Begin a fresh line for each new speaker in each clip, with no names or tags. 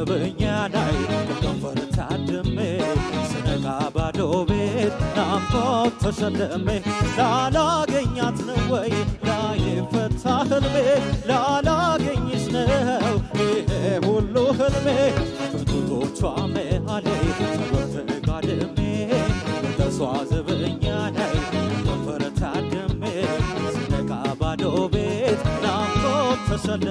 ዘበኛ ላይ ታድሜ ስነቃ ባዶ ቤት ናፍቆት ተሸልሜ ላላገኛት ነው ወይ ላይፈታ ህልሜ ላላገኝሽ ነው ይሄ ሁሉ ህልሜ መሃሌ ዘበኛ ላይ ከንፈር ታድሜ ስነቃ ባዶ ቤት ናፍቆት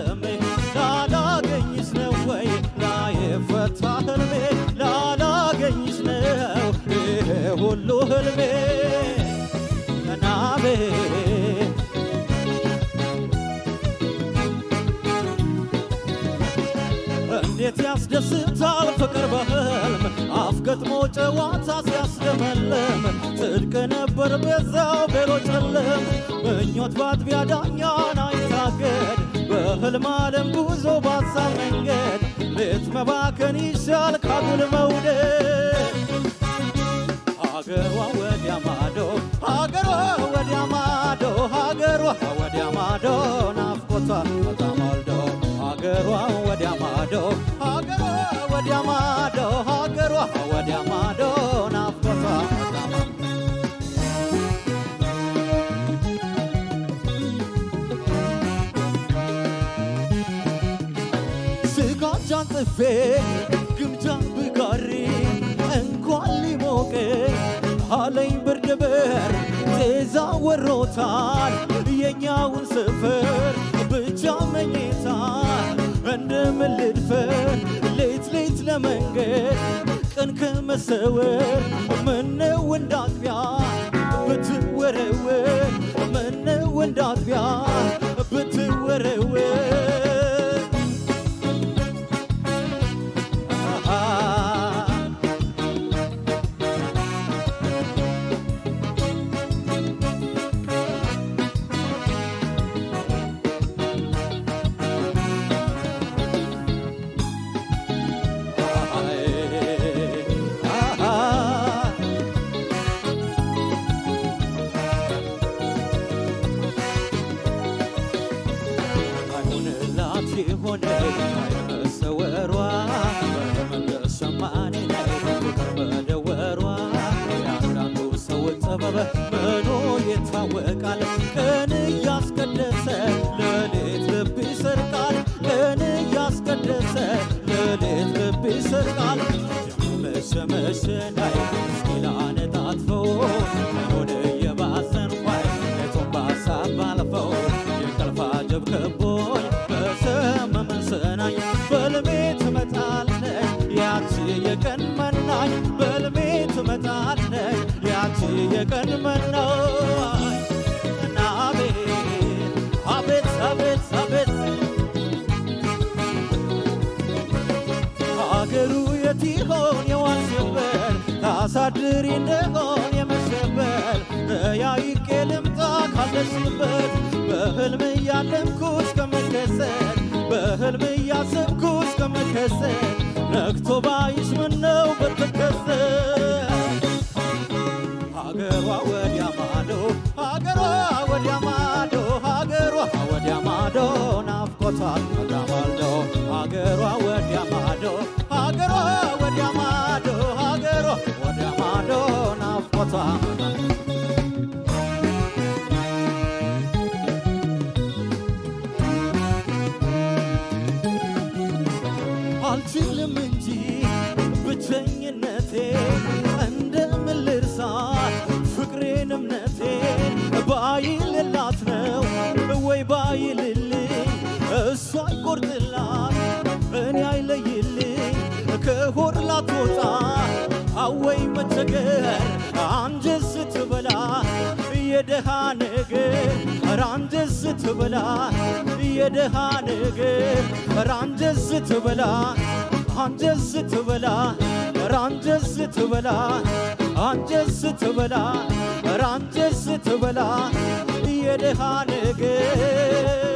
እንዴት ያስደስታል ፍቅር በህልም አፍ ገጥሞ ጨዋታ ሲያስደመልም ጽድቅ ነበር በዛው ቤሎ ጨልም ምኞት ባጥቢያ ዳኛን አይታገድ በህልም ዓለም ጉዞ ባሳይ መንገድ ቤት መባከን ይሻል ካጉል መውደድ አገሯ ወዲያ ማዶ ናፍቆቷ አዳማ ስጋጃን ጽፌ ግምጃን ብጋሪ እንኳን ሊሞቅ አለኝ ብርድ ብር ጤዛ ወሮታል የኛውን ስፍር ብቻ መኝታ እንደምን ልድፈር ሌት ሌት ለመንገድ ቀን ከመሰወር ምነው እንዳጥቢያ ብትወረወር ምነው እንዳጥቢያ ብትወረ ሲሆን መሰወሯ መመለስ ሸማኔ ላይ ፍቅር መደወሯ የአንዳንዱ ሰውን ጥበብ ምኑ ይታወቃል። ቀን እያስቀደሰ ሌሊት ልብ ይሰርቃል። ቀን እያስቀደሰ ሌሊት ልብ ይሰርቃል። መሸመሸ ላይ እስኪ በልሜ ትመጣለች ያቺ የቀን መነዋይ እና አቤት አቤት አቤት አገሩ የት ይሆን የዋልሽበት ታሳድሪ እንደሆን የመሸበት ተያይቄ ልምጣ ካለሽበት በህልም እያለምኩሽ ከመከሰት በህልም እያሰብኩሽ ከመከሰት ነግቶ ባይ አባቷ አልችልም እንጂ ብቸኝነቴ እንደምን ልርሳት ፍቅሬን እምነቴ ባይልላት ነው ወይ ባይልልኝ እሷ አይቆርጥላት እኔ አይለይልኝ ከሆድ ላትወጣ አወይ መቸገር የደሃ ነገር ኧረ አንጀዝ ትብላ የደሃ ነገር ኧረ አንጀዝ ትብላ አንጀዝ ትብላ ኧረ አንጀዝ ትብላ አንጀዝ ትብላ የደሃ ነገር